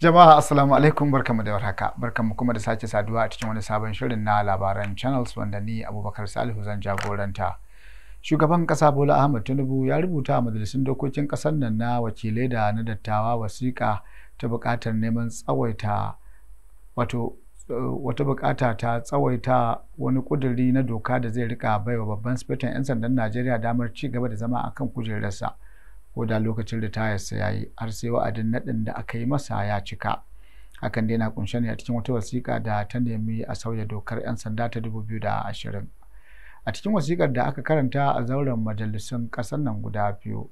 Jama'a assalamu alaikum barkamu da warhaka barkamu kuma da sake saduwa a cikin wani sabon shirin na labaran channels wanda ni Abubakar Salihu zan jagoranta. Shugaban kasa Bola ahmad Tinubu ya rubuta a majalisun dokokin kasar nan na wakilai da na dattawa wasiƙa ta buƙatar neman tsawaita wato eh, wata bukata ta tsawaita wani ƙuduri na doka da zai rika baiwa babban sifetan 'yan sandan Najeriya damar ci gaba da zama akan kujerarsa. ko da lokacin ritayarsa ya yi har sai wa'adin naɗin da aka yi masa ya cika hakan dai na kunshe ne a cikin wata wasiƙa da ta nemi a sauya dokar 'yan sanda ta 2020 a cikin wasiƙar da aka karanta a zauren majalisun ƙasar nan guda biyu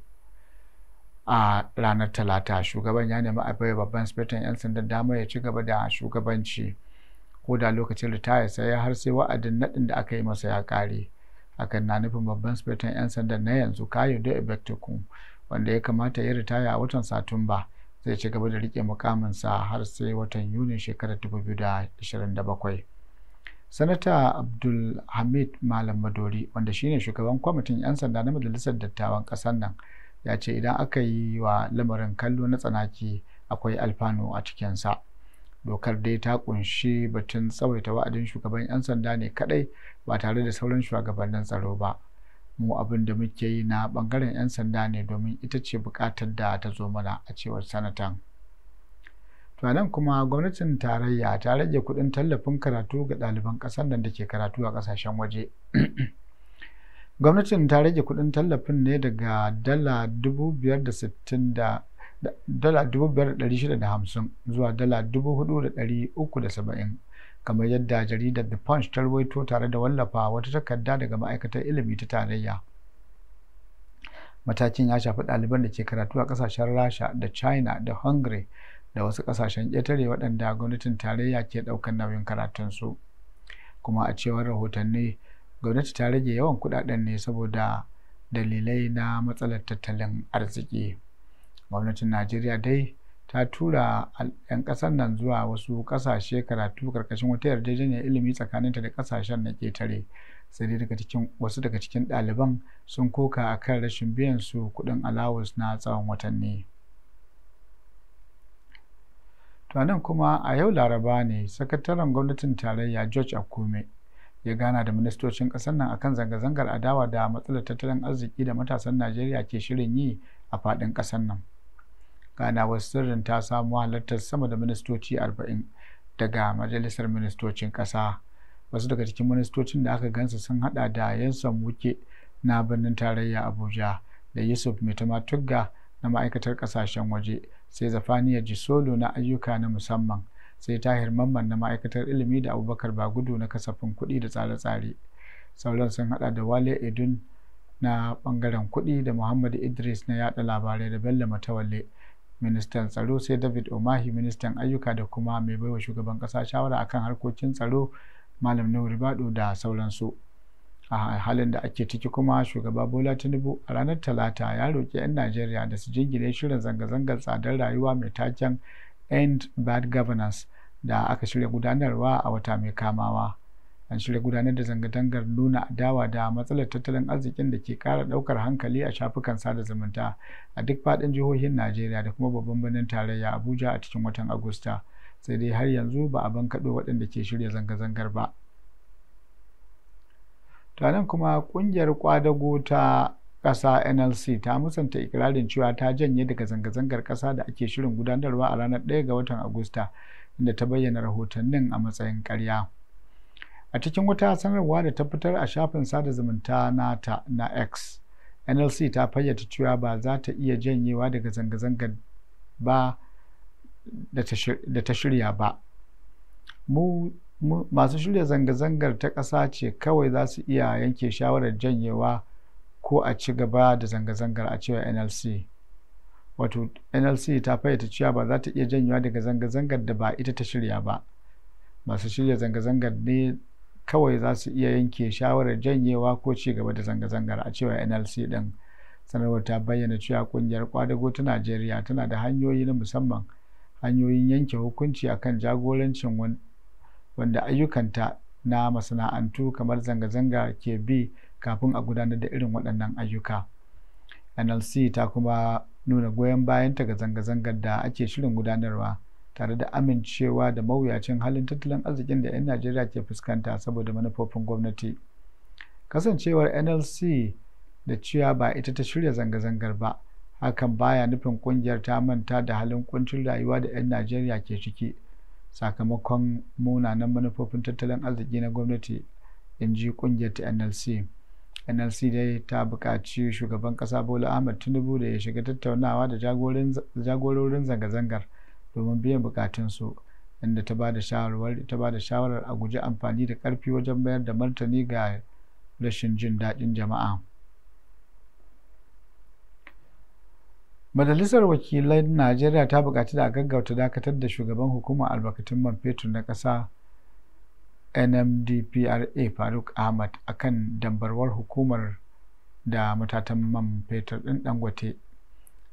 a ranar talata shugaban ya nemi a baiwa babban sifetan 'yan sanda damar ya ci gaba da shugabanci ko da lokacin ritaya sai har sai wa'adin naɗin da aka yi masa ya ƙare hakan na nufin babban sifetan 'yan sanda na yanzu kayo da ibektikun wanda ya kamata ya ritaya a watan satumba zai ci gaba da rike mukaminsa har sai watan yunin shekarar 2027 sanata abdulhamid malam madori wanda shine shugaban kwamitin 'yan sanda na majalisar dattawan ƙasar nan ya ce idan aka yi wa lamarin kallo na tsanaki akwai alfanu a cikinsa dokar dai ta kunshi batun tsawaita wa'adin shugaban 'yan sanda ne kadai ba tare da sauran shugabannin tsaro ba mu abin da muke yi na bangaren 'yan sanda ne domin ita ce bukatar da ta zo mana a cewar sanatan to nan kuma gwamnatin tarayya ta rage kudin tallafin karatu ga ɗaliban ƙasar nan da ke karatu a ƙasashen waje gwamnatin ta rage kudin tallafin ne daga dala 5,650 zuwa dala 4,370 kamar yadda jaridar The Punch ta ruwaito tare da wallafa wata takarda daga ma'aikatar ilimi ta tarayya. Matakin ya shafi ɗaliban da ke karatu a ƙasashen Rasha da China da Hungary da wasu ƙasashen ƙetare waɗanda gwamnatin tarayya ke ɗaukar nauyin karatunsu. Kuma a cewar rahotanni, gwamnati ta rage yawan kuɗaɗen ne saboda dalilai na matsalar tattalin arziki. Gwamnatin Najeriya dai ta tura 'yan kasan nan zuwa wasu kasashe karatu karkashin wata yarjejeniyar ilimi tsakaninta da kasashen na ƙetare sai dai daga cikin wasu daga cikin ɗaliban sun koka a kan rashin biyan su kuɗin alawus na tsawon watanni to nan kuma a yau laraba ne sakataren gwamnatin tarayya george akume ya gana da ministocin ƙasar nan akan zanga-zangar adawa da matsalar tattalin arziki da matasan najeriya ke shirin yi a faɗin ƙasar nan wasu sirrin ta samu halartar sama da ministoci 40 daga majalisar ministocin kasa wasu daga cikin ministocin da aka gansa sun hada da yansan wuke na birnin tarayya abuja da yusuf mitama tugga na ma'aikatar kasashen waje sai zafaniya jisolo na ayyuka na musamman sai tahir mamman na ma'aikatar ilimi da abubakar bagudu na kasafin kuɗi da tsare-tsare sauran sun hada da wale edun na bangaren kuɗi da muhammad idris na yada labarai da bello matawalle ministan tsaro sai david omahi ministan ayyuka da kuma mai baiwa shugaban kasa shawara akan harkokin tsaro malam nuhu ribadu da sauransu a halin da ake ciki kuma shugaba bola tinubu a ranar talata ya roƙi 'yan najeriya da su jingine shirin zanga-zangar tsadar rayuwa mai taken end bad governance da aka shirya gudanarwa a wata mai kamawa an shirya gudanar da zanga-zangar nuna adawa da matsalar tattalin arzikin da ke kara daukar hankali a shafukan sada zumunta a duk fadin jihohin najeriya da kuma babban birnin tarayya abuja a cikin watan agusta sai dai har yanzu ba a bankaɗo waɗanda ke shirya zanga-zangar ba tanan kuma ƙungiyar kwadago ta ƙasa nlc ta musanta ikirarin cewa ta janye daga zanga-zangar ƙasa da ake shirin gudanarwa a ranar 1 ga watan agusta inda ta bayyana rahotannin a matsayin karya. a cikin wata sanarwa da ta fitar a shafin sada zumunta nata na x nlc ta fayyace cewa ba za ta iya janyewa daga zanga-zangar ba da ta shirya ba masu shirya zanga-zangar ta ƙasa ce kawai za su iya yanke shawarar janyewa ko a ci gaba da zanga-zangar a cewa nlc wato nlc ta fayyace cewa ba za ta iya janyewa daga zanga-zangar da ba ita ta shirya ba masu shirya zanga-zangar ne kawai za su iya yanke shawarar janyewa ko ci gaba da zanga-zangar a cewa nlc din sanarwar ta bayyana cewa kungiyar kwadago ta najeriya tana da hanyoyi na musamman hanyoyin yanke hukunci akan jagorancin wanda ayyukanta na masana'antu kamar zanga-zanga ke bi kafin a gudanar da irin waɗannan ayyuka nlc ta kuma nuna goyon bayanta ga zanga-zangar da ake shirin gudanarwa tare da amincewa da mawuyacin halin tattalin arzikin da 'yan najeriya ke fuskanta saboda manufofin gwamnati kasancewar nlc da cewa ba ita ta shirya zanga-zangar ba hakan baya nufin kungiyar ta manta da halin kuncin rayuwa da 'yan najeriya ke ciki sakamakon munanan manufofin tattalin arziki na gwamnati in ji kungiyar ta nlc nlc dai ta buƙaci shugaban ƙasa bola ahmed tinubu da ya shiga tattaunawa da jagororin zanga-zangar domin biyan bukatunsu inda ta ba da shawarar a guji amfani da karfi wajen bayar da martani ga rashin jin daɗin jama'a majalisar wakilan najeriya ta bukaci da a gaggauta dakatar da shugaban hukumar albarkatun man fetur na ƙasa nmdpra faruk ahmad akan dambarwar hukumar da matatan man fetur ɗin dangote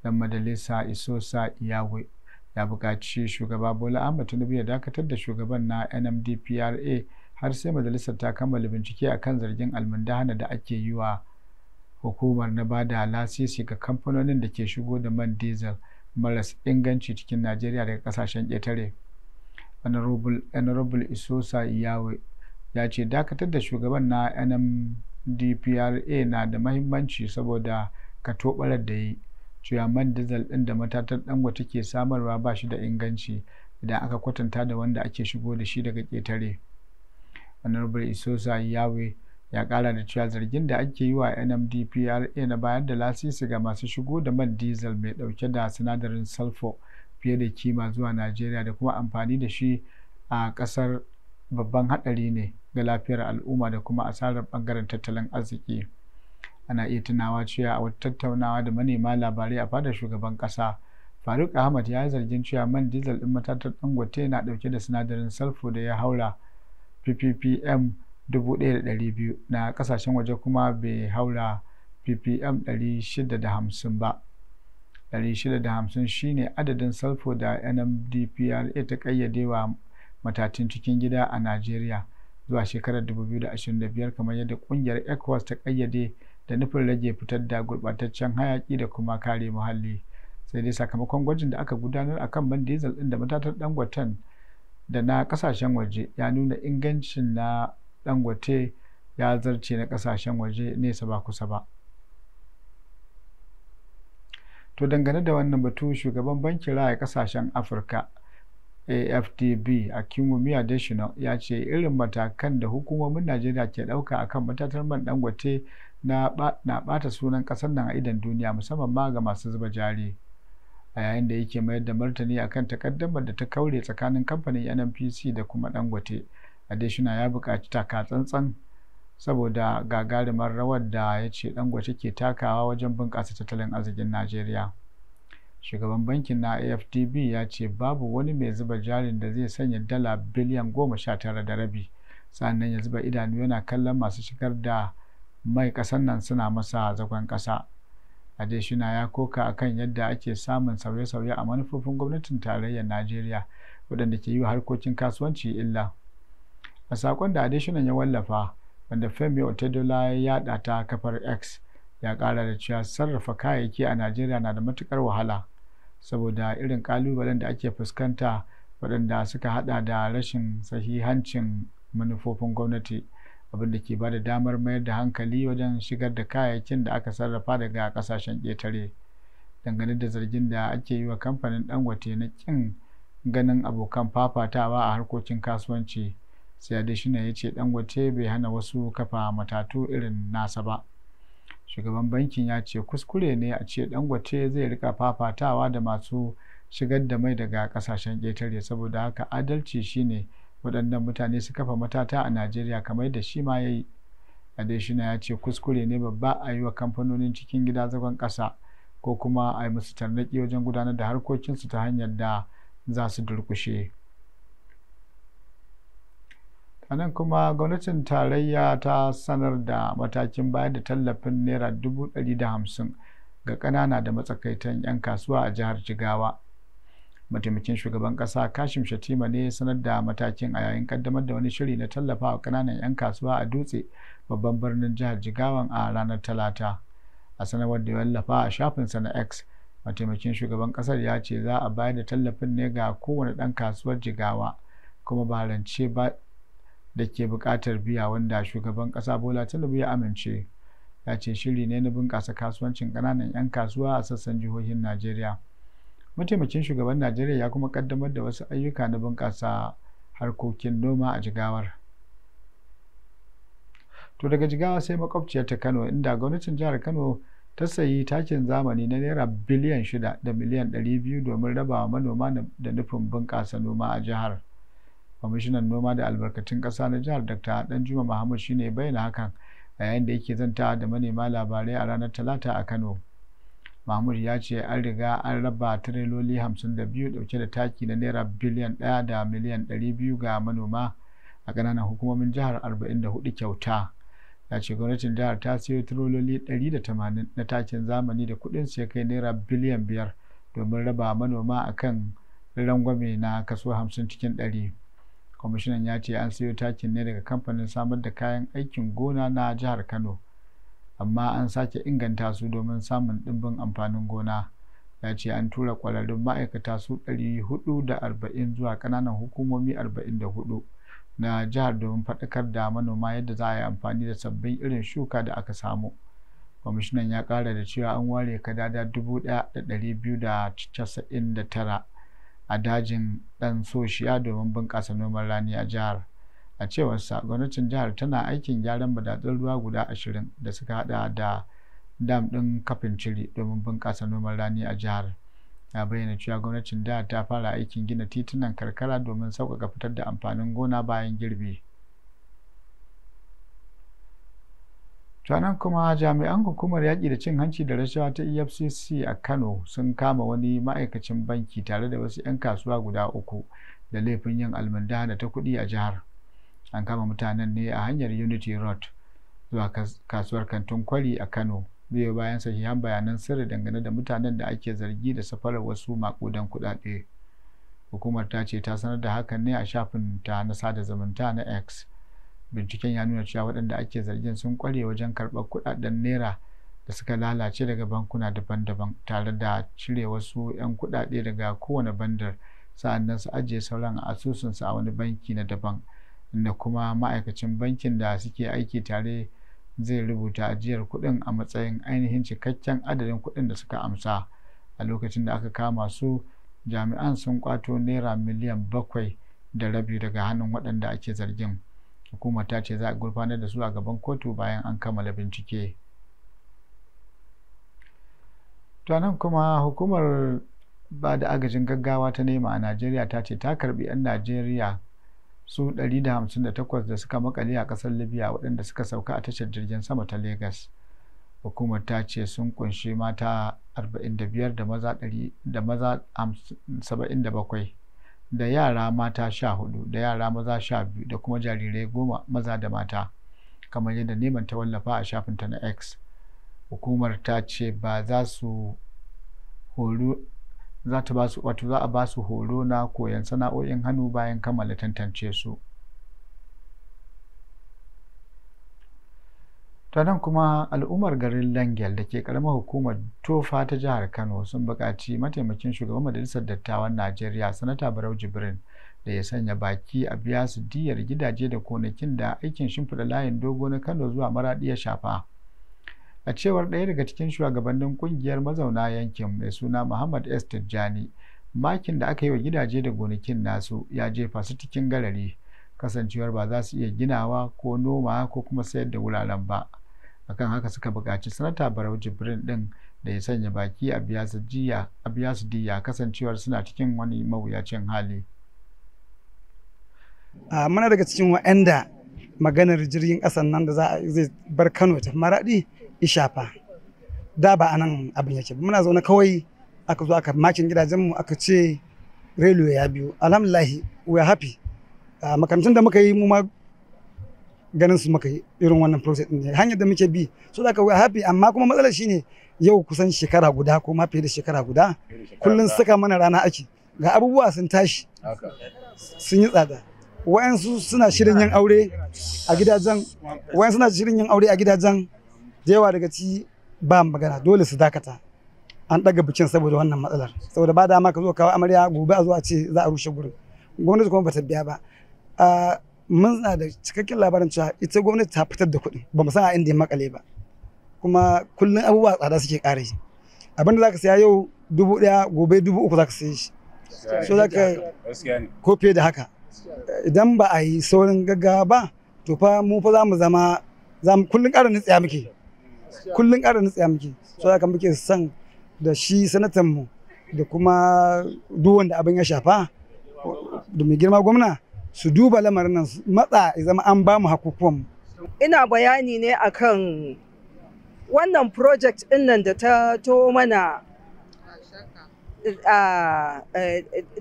dan majalisa isosa iyawe ya buƙaci shugaba bola ahmed tinubu ya dakatar da shugaban na nmdpra har sai majalisar ta kammala bincike a kan zargin almundahana da ake yi wa hukumar na bada lasisi ga kamfanonin da ke shigo da man diesel maras inganci cikin najeriya daga kasashen ƙetare honorable isosa yawe ya ce dakatar da shugaban na nmdpra na da mahimmanci saboda ka tobarar da yi cewa man diesel ɗin da matatar dangote take samarwa ba shi da inganci idan aka kwatanta da wanda ake shigo da shi daga ƙetare honorable isosa yawe ya ƙara da cewa zargin da ake yi wa nmdpra na bayar da lasisi ga masu shigo da man diesel mai dauke da sinadarin sulfur fiye da kima zuwa najeriya da kuma amfani da shi a kasar babban hadari ne ga lafiyar al'umma da kuma asarar bangaren tattalin arziki. ana iya tunawa cewa a wata tattaunawa da manema labarai a fadar shugaban kasa faruk ahmad ya yi zargin cewa man diesel din matatar dangote na dauke da sinadarin sulfur da ya haura pppm 1200 na kasashen waje kuma bai haura ppm 650 ba 650 shine adadin sulfur da nmdpra ta kayyade wa matatun cikin gida a najeriya zuwa shekarar 2025 kamar yadda kungiyar ecowas ta kayyade da nufin rage fitar da gurɓataccen hayaki da kuma kare muhalli sai dai sakamakon gwajin da aka gudanar a kan man diesel ɗin da matatar dangwatan da na kasashen waje ya nuna ingancin na dangwate ya zarce na kasashen waje nesa ba kusa ba to dangane da wannan batu shugaban bankin raya kasashen afirka afdb a kinwumi additional ya ce irin matakan da hukumomin najeriya ke ɗauka akan matatar man dangwate na ɓata sunan ƙasar nan a idan duniya musamman ma ga masu zuba jari a yayin da yake mayar da martani akan takaddamar da ta kaure tsakanin kamfanin nnpc da kuma dangote adeshina ya buƙaci taka tsantsan saboda gagarumar rawar da ya ce dangote ke takawa wajen bunƙasa tattalin arzikin najeriya shugaban bankin na afdb ya ce babu wani mai zuba jarin da zai sanya dala biliyan goma sha tara da rabi sannan ya zuba idanu yana kallon masu shigar da mai ƙasan nan suna masa zagon ƙasa adeshina ya koka akan yadda ake samun sauye-sauye a manufofin gwamnatin tarayyar najeriya waɗanda ke yi wa harkokin kasuwanci illa a sakon da adeshina ya wallafa wanda femi otedola ya yada ta kafar x ya ƙara da cewa sarrafa kayayyaki a najeriya na da matukar wahala saboda irin ƙalubalen da ake fuskanta waɗanda suka hada da rashin sahihancin manufofin gwamnati. abin da ke bada damar mayar da hankali wajen shigar da kayayyakin da aka sarrafa daga kasashen ƙetare dangane da zargin da ake yi wa kamfanin dangote na kin ganin abokan fafatawa a harkokin kasuwanci sai ne ya ce dangote bai hana wasu kafa matatu irin nasa ba shugaban bankin ya ce kuskure ne a ce dangote zai rika fafatawa da masu shigar da mai daga kasashen ƙetare saboda haka adalci shine ne waɗannan mutane su kafa matata a najeriya kamar da shi ma ya yi ya ce kuskure ne babba a yi wa kamfanonin cikin gida zagon ƙasa ko kuma a yi musu tarnaki wajen gudanar da harkokinsu ta hanyar da za su durkushe anan kuma gwamnatin tarayya ta sanar da matakin bayar da tallafin naira dubu ga ƙanana da matsakaitan 'yan kasuwa a jihar jigawa mataimakin shugaban kasa kashim shatima ne sanar da matakin a yayin kaddamar da wani shiri na tallafa wa kananan 'yan kasuwa a dutse babban birnin jihar jigawan a ranar talata a sanarwar da wallafa a shafin na x mataimakin shugaban kasar ya ce za a bayar da tallafin ne ga kowane ɗan kasuwar jigawa kuma ba rance ba da ke bukatar biya wanda shugaban ƙasa bola tinubu ya amince ya ce shiri ne na bunƙasa kasuwancin ƙananan 'yan kasuwa a sassan jihohin najeriya mataimakin shugaban najeriya ya kuma kaddamar da wasu ayyuka na bunƙasa harkokin noma a jigawar to daga jigawa sai makwabciyar ta kano inda gwamnatin jihar kano ta sayi takin zamani na naira biliyan shida da miliyan ɗari biyu domin rabawa manoma da nufin bunƙasa noma a jihar kwamishinan noma da albarkatun ƙasa na jihar dr danjuma mahmud shine bayyana hakan a yayin da yake zanta da manema labarai a ranar talata a kano mahmud ya ce an riga an raba tireloli 52 dauke da taki na naira biliyan 1 da miliyan 200 ga manoma a ƙananan hukumomin jihar 44 kyauta ya ce gwamnatin jihar ta siyo tireloli 180 na takin zamani da kuɗin su ya kai naira biliyan 5 domin raba manoma a kan rangwame na kaso 50 cikin 100 kwamishinan ya ce an sayo takin ne daga kamfanin samar da kayan aikin gona na jihar kano amma an sake inganta su domin samun ɗimbin amfanin gona ya ce an tura kwararrun ma'aikata su 440 zuwa ƙananan hukumomi 44 na jihar domin faɗakar da manoma yadda za a yi amfani da sabbin irin shuka da aka samu kwamishinan ya ƙara da cewa an ware kadada 1,299 a dajin ɗan soshiya domin bunƙasa noman rani a jihar a cewarsa gwamnatin jihar tana aikin gyaran madatsun ruwa guda ashirin da suka hada da dam ɗin kafin cire domin bunƙasa noman rani a jihar ya bayyana cewa gwamnatin jihar ta fara aikin gina titunan karkara domin sauƙaƙa fitar da amfanin gona bayan girbi tunan kuma jami'an hukumar yaƙi da cin hanci da rashawa ta efcc a kano sun kama wani ma'aikacin banki tare da wasu 'yan kasuwa guda uku da laifin yin da ta kuɗi a jihar an kama mutanen ne a hanyar unity road zuwa kasuwar kantin kwari a kano biyo bayan sahihan bayanan sirri dangane da mutanen da ake zargi da safarar wasu makudan kudade hukumar ta ce ta sanar da hakan ne a shafin ta na sada zumunta na x binciken ya nuna cewa waɗanda ake zargin sun kware wajen karɓar kudaden naira da suka lalace daga bankuna daban-daban tare da cire wasu 'yan kudade daga kowane bandar sa'annan su ajiye sauran asusunsu a wani banki na daban inda kuma ma'aikacin bankin da suke aiki tare zai rubuta ajiyar kuɗin a matsayin ainihin cikakken adadin kuɗin da suka amsa a lokacin da aka kama su jami'an sun kwato naira miliyan bakwai da rabi daga hannun waɗanda ake zargin hukumar ta ce za a gurfanar da su a gaban kotu bayan an kammala bincike to nan kuma hukumar ba da agajin gaggawa ta nema a najeriya ta ce ta karbi 'yan najeriya su 158 da suka makale a kasar libya waɗanda suka sauka a tashar jirgin sama ta lagos hukumar ta ce sun kunshi mata 45 da maza 77 da yara mata 14 da yara maza 12 da kuma jarirai goma maza da mata kamar yadda neman ta wallafa a shafinta na x hukumar ta ce ba za su horu za ta basu wato za a ba su horo na koyon sana'o'in hannu bayan kammala tantance su ta nan kuma al'ummar garin langel da ke karamar hukumar tofa ta jihar kano sun buƙaci mataimakin shugaban majalisar dattawan najeriya sanata barau jibrin da ya sanya baki a biya su diyar gidaje da konakin da aikin shimfiɗa layin dogo na kano zuwa maraɗi ya shafa a cewar ɗaya daga cikin shugabannin kungiyar mazauna yankin mai suna muhammad s tijjani makin da aka yi wa gidaje da gonakin nasu ya jefa su cikin garari kasancewar ba za su iya ginawa ko noma ko kuma sayar da wuraren ba akan haka suka buƙaci sanata barau jibrin ɗin da ya sanya baki a biya su diya kasancewar suna cikin wani mawuyacin hali muna daga cikin wa'anda maganar jirgin ƙasan nan da za a bar kano ta maraɗi ishafa da ba anan abin yake ba muna zaune kawai aka zo aka makin gidajenmu aka ce relo ya biyo alhamdulahi we are happy makarantun da muka yi mu ma ganin su muka yi irin wannan process din hanyar da muke bi so da we are happy amma kuma matsalar shine yau kusan shekara guda ko ma fiye da shekara guda kullun saka mana rana ake ga abubuwa sun tashi sun yi tsada wayansu suna shirin yin aure a gidajen wayansu suna shirin yin aure a gidajen da daga ci ba magana dole su dakata an daga bikin saboda wannan matsalar saboda ba dama ka zo kawo amarya gobe a zuwa ce za a rushe gurin gwamnati kuma ta biya ba mun na da cikakken labarin cewa ita gwamnati ta fitar da kuɗi ba mu san a inda ya makale ba kuma kullum abubuwa tsada suke ƙare abinda da za ka saya yau dubu ɗaya gobe dubu uku za ka saye shi so za ka ko fiye da haka idan ba a yi saurin gaggawa ba to fa mu fa za mu zama kullum ƙara nutsiya muke kullum ƙara nutsiya muke so haka muke son da shi sanatan mu da kuma duk wanda abin ya shafa da mai girma gwamna su duba lamarin nan matsa ya zama an ba mu hakukuwan ina bayani ne akan wannan project ɗin nan da ta to mana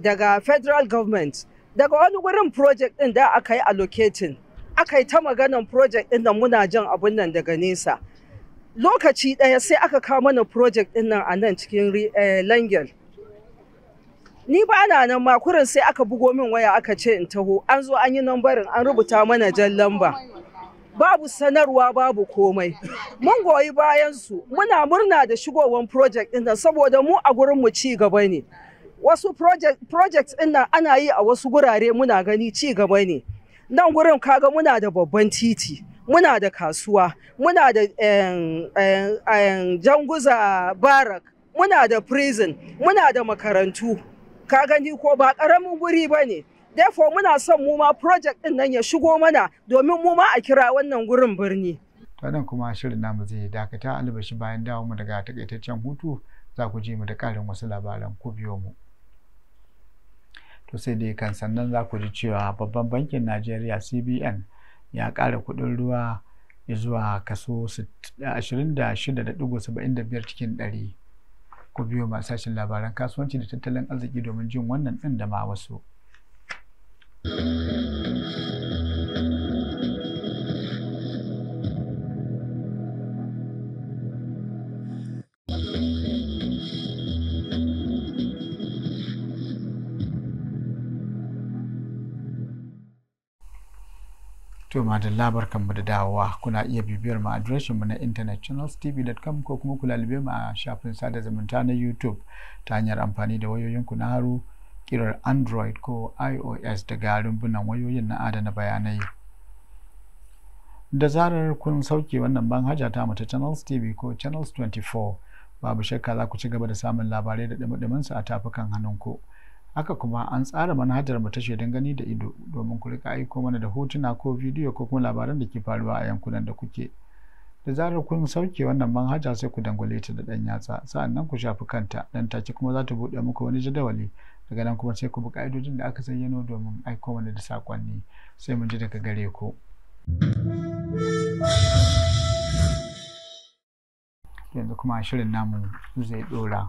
daga federal government daga wani wurin project ɗin da aka yi allocating aka yi ta maganan project ɗin nan muna jan abun nan daga nesa lokaci ɗaya sai aka kawo mana project ɗin nan a nan cikin eh, langel ni ba na nan makurin sai aka bugo min waya aka ce in taho an zo an yi nambarin an rubuta mana jan lamba babu sanarwa babu komai mun goyi bayan su muna murna da shigowar project ɗin nan saboda mu a gurin mu ci gaba ne wasu project ɗin nan ana yi a wasu gurare muna gani ci gaba ne nan gurin kaga muna da babban titi muna da kasuwa muna da janguza barak muna da prison muna da makarantu ka gani ko ba ƙaramin guri ba ne therefore muna son mu ma project ɗin nan ya shigo mana domin mu ma a kira wannan gurin birni nan kuma shirin namu zai dakata albashi bayan dawo mu daga takaitaccen hutu za ku ji mu da ƙarin wasu labaran ku biyo mu to sai dai kan sannan za ku ji cewa babban bankin najeriya cbn ya ƙara kuɗin ruwa ya zuwa kaso 26.75 cikin ɗari. Ku biyo masu sashen labaran kasuwanci da tattalin arziki domin jin wannan ɗin da ma wasu. to madalla kanmu da dawowa kuna iya bibiyar mu adireshin mu na com ko kuma ku lalube mu a shafin sada zumunta na youtube ta hanyar amfani da wayoyin ku na haru kirar android ko ios daga rumbunan wayoyin na adana bayanai da zarar kun sauke wannan manhaja ta mu ta channels tv ko channels 24 babu shakka za ku ci gaba da samun labarai da dumi a tafukan hannun hannunku haka kuma an tsara manhajar mu ta shaidan gani da ido domin ku rika aiko mana da hotuna ko bidiyo ko kuma labaran da ke faruwa a yankunan da kuke da zarar kun sauke wannan manhaja sai ku dangwale ta da dan yatsa nan ku shafi kanta dan take kuma za ta buɗe muku wani jadawali daga nan kuma sai ku bi ka'idojin da aka zayyano domin aiko mana da sakonni sai mun ji daga gare ku yanzu kuma shirin namu zai ɗora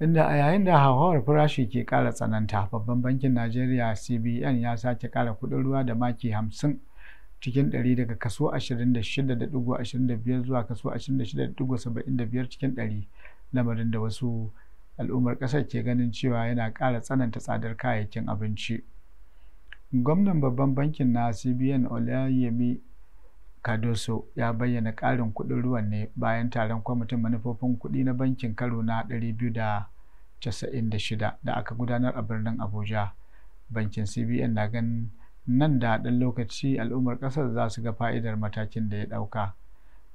inda a yayin da hauhawar farashi ke ƙara tsananta babban bankin najeriya cbn ya sake ƙara kuɗin ruwa da maki 50 cikin 100 daga kaso 26.25 zuwa kaso 26.75 cikin 100 lamarin da wasu al'ummar ƙasar ke ganin cewa yana ƙara tsananta tsadar kayayyakin abinci gwamnan babban bankin na cbn olayemi kadoso ya bayyana ƙarin kuɗin ruwan ne bayan taron kwamitin manufofin kuɗi na bankin karo na 296 da aka gudanar a birnin Abuja. Bankin CBN na ganin nan da ɗan lokaci al'ummar ƙasar za su ga fa'idar matakin da ya ɗauka.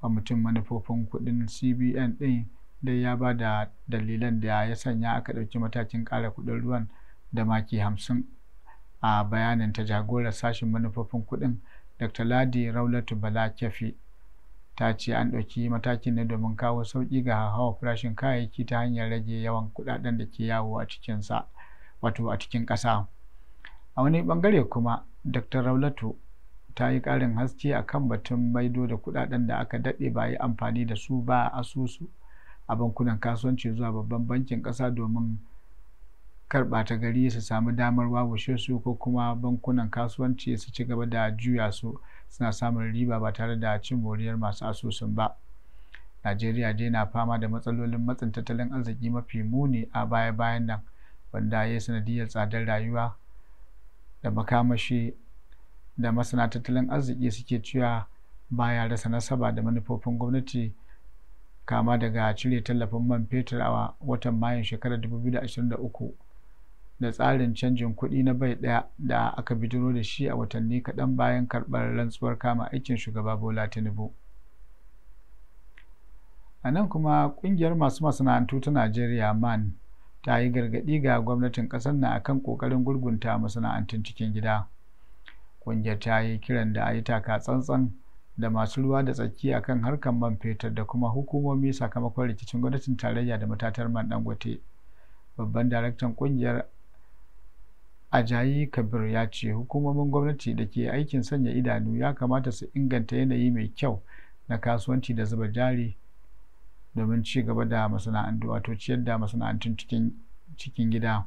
Kwamitin manufofin kuɗin CBN ɗin dai ya ba da dalilan da ya sanya aka ɗauki matakin ƙara kuɗin ruwan da maki hamsin a bayanin ta jagorar sashen manufofin kuɗin. dr ladi raulatu bala kyafi ta ce an ɗauki matakin ne domin kawo sauƙi ga hawa farashin kayayyaki ta hanyar rage yawan kuɗaɗen da ke yawo a sa wato a cikin ƙasa a wani ɓangare kuma dr raulatu ta yi ƙarin haske a kan batun maido da kuɗaɗen da aka daɗe ba yi amfani da su ba a asusu a bankunan kasuwanci zuwa babban bankin ƙasa domin karɓa ta gari su samu damar wawashe su ko kuma bankunan kasuwanci su ci gaba da juya su suna samun riba ba tare da cin moriyar masu asusun ba najeriya dai na fama da matsalolin matsin tattalin arziki mafi muni a baya-bayan nan wanda ya sanadiyar tsadar rayuwa da makamashi da masana tattalin arziki suke cewa baya rasa nasaba da manufofin gwamnati kama daga cire tallafin man fetur a watan mayun shekarar 2023 da tsarin canjin kuɗi na bai ɗaya da aka bijiro da shi a watanni kaɗan bayan karɓar rantsuwar kama aikin shugaba bola tinubu a nan kuma ƙungiyar masu masana'antu ta najeriya man ta yi gargaɗi ga gwamnatin ƙasar na akan ƙoƙarin gurgunta masana'antun cikin gida ƙungiyar ta yi kiran da a yi taka tsantsan da masu ruwa da tsaki akan harkar man fetur da kuma hukumomi sakamakon rikicin gwamnatin tarayya da matatar man dangote babban daraktan ƙungiyar Ajayi Kabir ya ce hukumomin gwamnati da ke aikin sanya idanu ya kamata su inganta yanayi mai kyau na kasuwanci da zuba jari domin ci gaba da masana'antu wato ciyar da masana'antun cikin gida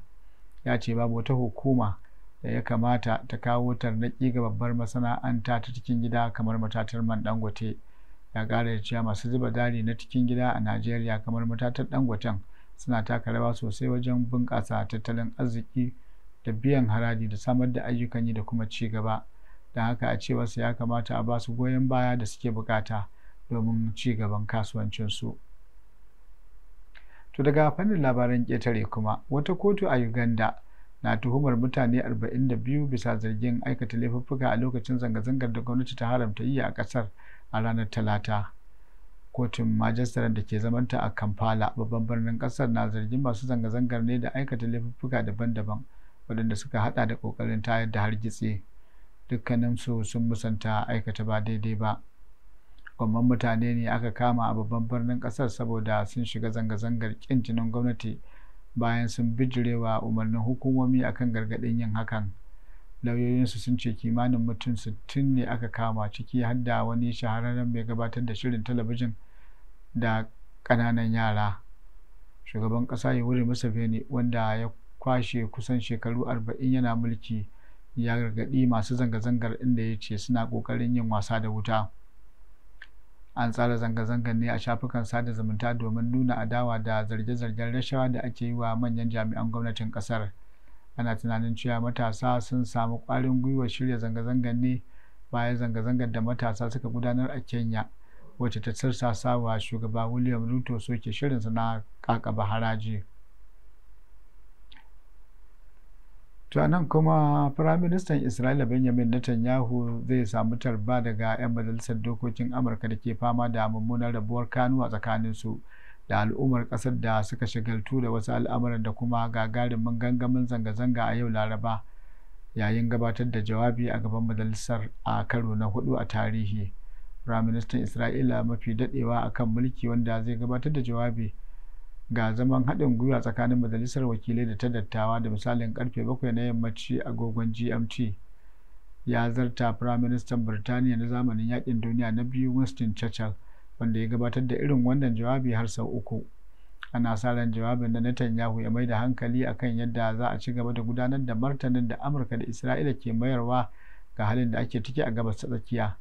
ya ce babu wata hukuma da ya kamata ta kawo tarnaƙi ga babbar masana'anta ta cikin gida kamar matatar man dangote ya ƙara da cewa masu zuba jari na cikin gida a najeriya kamar matatar dangoten suna taka rawa sosai wajen bunƙasa tattalin arziki da biyan haraji da samar da ayyukan yi da kuma ci gaba don haka a su ya kamata a basu goyon baya da suke bukata domin ci gaban kasuwancinsu to daga fannin labaran ƙetare kuma wata kotu a uganda na tuhumar mutane 42 bisa zargin aikata laifuffuka a lokacin zanga-zangar da gwamnati ta haramta yi a ƙasar a ranar talata kotun majistaren da ke zamanta a kampala babban birnin ƙasar na zargin masu zanga-zangar ne da aikata laifuffuka daban-daban waɗanda suka haɗa da ƙoƙarin tayar da hargitse dukkaninsu sun musanta aikata ba daidai ba gwamman mutane ne aka kama a babban birnin ƙasar saboda sun shiga zanga-zangar ƙin jinin gwamnati bayan sun bijirewa umarnin hukumomi akan gargaɗin yin hakan lauyoyinsu sun ce kimanin mutum 60 ne aka kama ciki har da wani shahararren mai gabatar da shirin talabijin da ƙananan yara shugaban ƙasa wuri musa wanda ya kwashe kusan shekaru arba'in yana mulki ya gargaɗi masu zanga-zangar inda ya ce suna ƙoƙarin yin wasa da wuta an tsara zanga-zangar ne a shafukan sada zumunta domin nuna adawa da zarge-zargen rashawa da ake yi wa manyan jami'an gwamnatin ƙasar ana tunanin cewa matasa sun samu ƙwarin gwiwa shirya zanga-zangar ne bayan zanga-zangar da matasa suka gudanar a kenya wacce ta tirsasa wa shugaba william ruto soke shirinsa na ƙaƙaba haraji to anan kuma firaministan isra'ila benjamin netanyahu zai samu tarba daga 'yan majalisar dokokin amurka da ke fama da mummunar rabuwar kanuwa tsakanin su da al'ummar kasar da suka shigaltu da wasu al'amuran da kuma gagarumin gangamin zanga-zanga a yau laraba yayin gabatar da jawabi a gaban majalisar a karo na hudu a tarihi firaministan isra'ila mafi dadewa akan mulki wanda zai gabatar da jawabi ga zaman haɗin gwiwa tsakanin majalisar wakilai da ta dattawa da misalin karfe 7 na yammaci agogon gmt ya zarta firaministan birtaniya na zamanin yakin duniya na biyu winston churchill wanda ya gabatar da irin wannan jawabi har sau uku ana sa ran jawabin da netanyahu ya mai da hankali akan yadda za a ci gaba da gudanar da martanin da amurka da isra'ila ke mayarwa ga halin da ake ciki a gabas ta tsakiya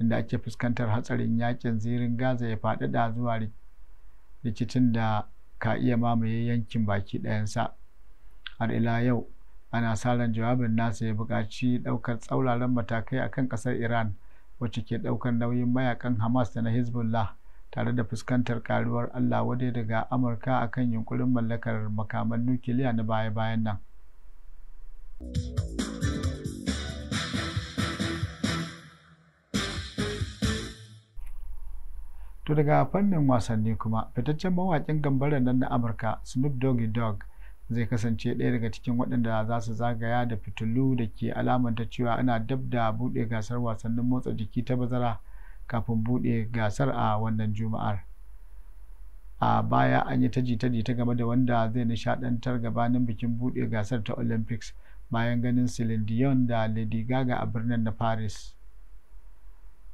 inda ake fuskantar hatsarin yakin zirin gaza ya faɗaɗa zuwa rikicin da ka iya mamaye yankin baki ɗayansa har ila yau ana sa ran jawabin nasa ya buƙaci ɗaukar tsauraran matakai a kan ƙasar iran wacce ke ɗaukar nauyin mayakan hamas da na hezbollah tare da fuskantar karuwar allah wadai daga amurka akan yunkurin mallakar makaman nukiliya na baya-bayan nan. To daga fannin wasanni kuma fitaccen mawakin gambaren nan na Amurka Snoop Doggy Dogg zai kasance ɗaya daga cikin waɗanda za su zagaya da fitilu da ke alamanta cewa ana dab da buɗe gasar wasannin motsa jiki ta bazara kafin buɗe gasar a wannan juma'ar. A baya an yi ta jita-jita game da wanda zai nishaɗantar gabanin bikin buɗe gasar ta Olympics bayan ganin Celine Dion da Lady Gaga a birnin na Paris.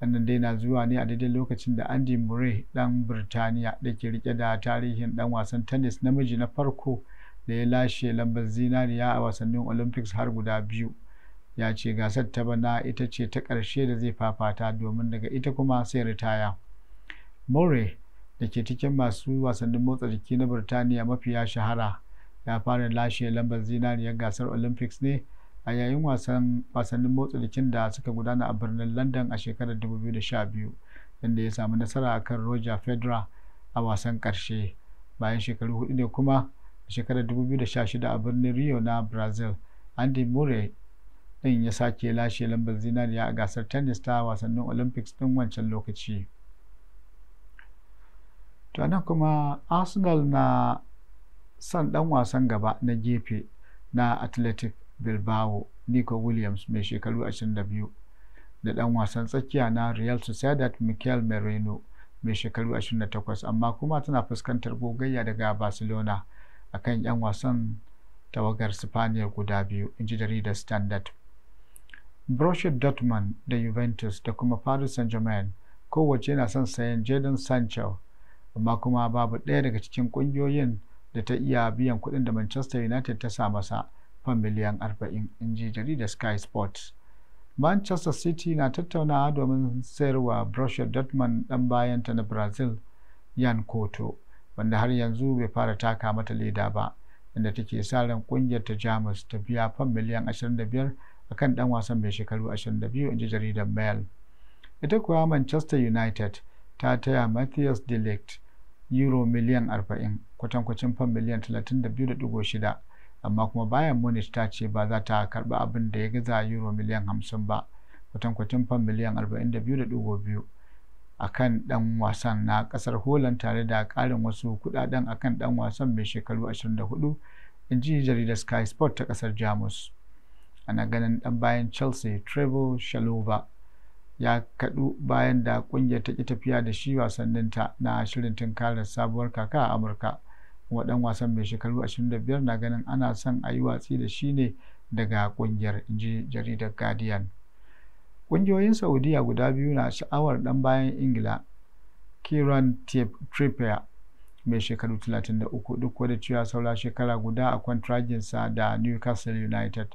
wannan dai na zuwa ne a daidai lokacin da andy murray dan birtaniya da ke rike da tarihin dan wasan tennis namiji na farko da ya lashe lambar zinariya a wasannin olympics har guda biyu ya ce gasar ta bana ita ce ta ƙarshe da zai fafata domin daga ita kuma sai ritaya murray da ke cikin masu wasannin motsa jiki na birtaniya mafiya shahara ya fara lashe lambar zinariyar gasar olympics ne a yayin wasannin motsa jikin da suka gudana a birnin london a shekarar 2012 inda ya samu nasara kan roger federer a wasan karshe bayan shekaru hudu ne kuma a shekarar 2016 a birnin rio na brazil andy murray din ya sake lashe lambar zinariya a gasar tennis ta wasannin olympics din wancan lokaci to kuma arsenal na son dan wasan gaba na gefe na athletic bilbao nico williams mai shekaru 22 da ɗan wasan tsakiya na real sociedad michael merino mai shekaru 28 amma kuma tana fuskantar gogayya daga barcelona akan 'yan wasan tawagar spaniya guda biyu in ji jaridar standard Borussia Dortmund da Juventus da kuma Paris Saint-Germain kowace yana son sayan Jadon Sancho amma kuma babu ɗaya daga cikin ƙungiyoyin da ta iya biyan kuɗin da Manchester United ta sa masa fan miliyan 40 in ji jaridar sky sports manchester city na tattaunawa domin sayarwa borussia dortmund dan bayanta na brazil yan koto wanda har yanzu bai fara taka mata leda ba inda take sa ran kungiyar ta jamus ta biya fan miliyan 25 akan dan wasan mai shekaru 22 in ji jaridar mail ita kuwa manchester united ta taya matthias delict euro miliyan 40 kwatankwacin fan miliyan 32.6 amma kuma bayan munich ta ce ba za ta karba abin da ya gaza euro miliyan 50 ba kwatankwacin fan miliyan 42.2 a kan dan wasan na kasar holland tare da karin wasu kudaden a kan dan wasan mai shekaru 24 in ji jaridar sky sport ta kasar jamus ana ganin dan bayan chelsea trevor shalova ya kadu bayan da kungiyar ta ki tafiya da shi wasanninta na shirin tunkarar sabuwar kaka a amurka kuma dan wasan mai shekaru 25 na ganin ana son a yi watsi da shi ne daga kungiyar inji jaridar guardian kungiyoyin saudiya guda biyu na sha'awar dan bayan ingila kiran trippier mai shekaru 33 duk wadda cewa saura shekara guda a kwantrajinsa da newcastle united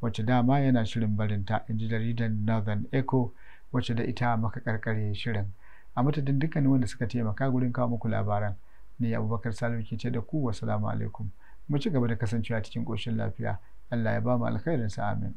wacce dama yana shirin barinta in ji jaridar northern echo wacce da ita maka karkare shirin a matadin dukkanin wanda suka taimaka gurin kawo muku labaran ne abubakar Salim ke ce da ku wasalamu alaikum mu ci gaba da kasancewa cikin koshin lafiya allah ya ba mu alkhairinsa amin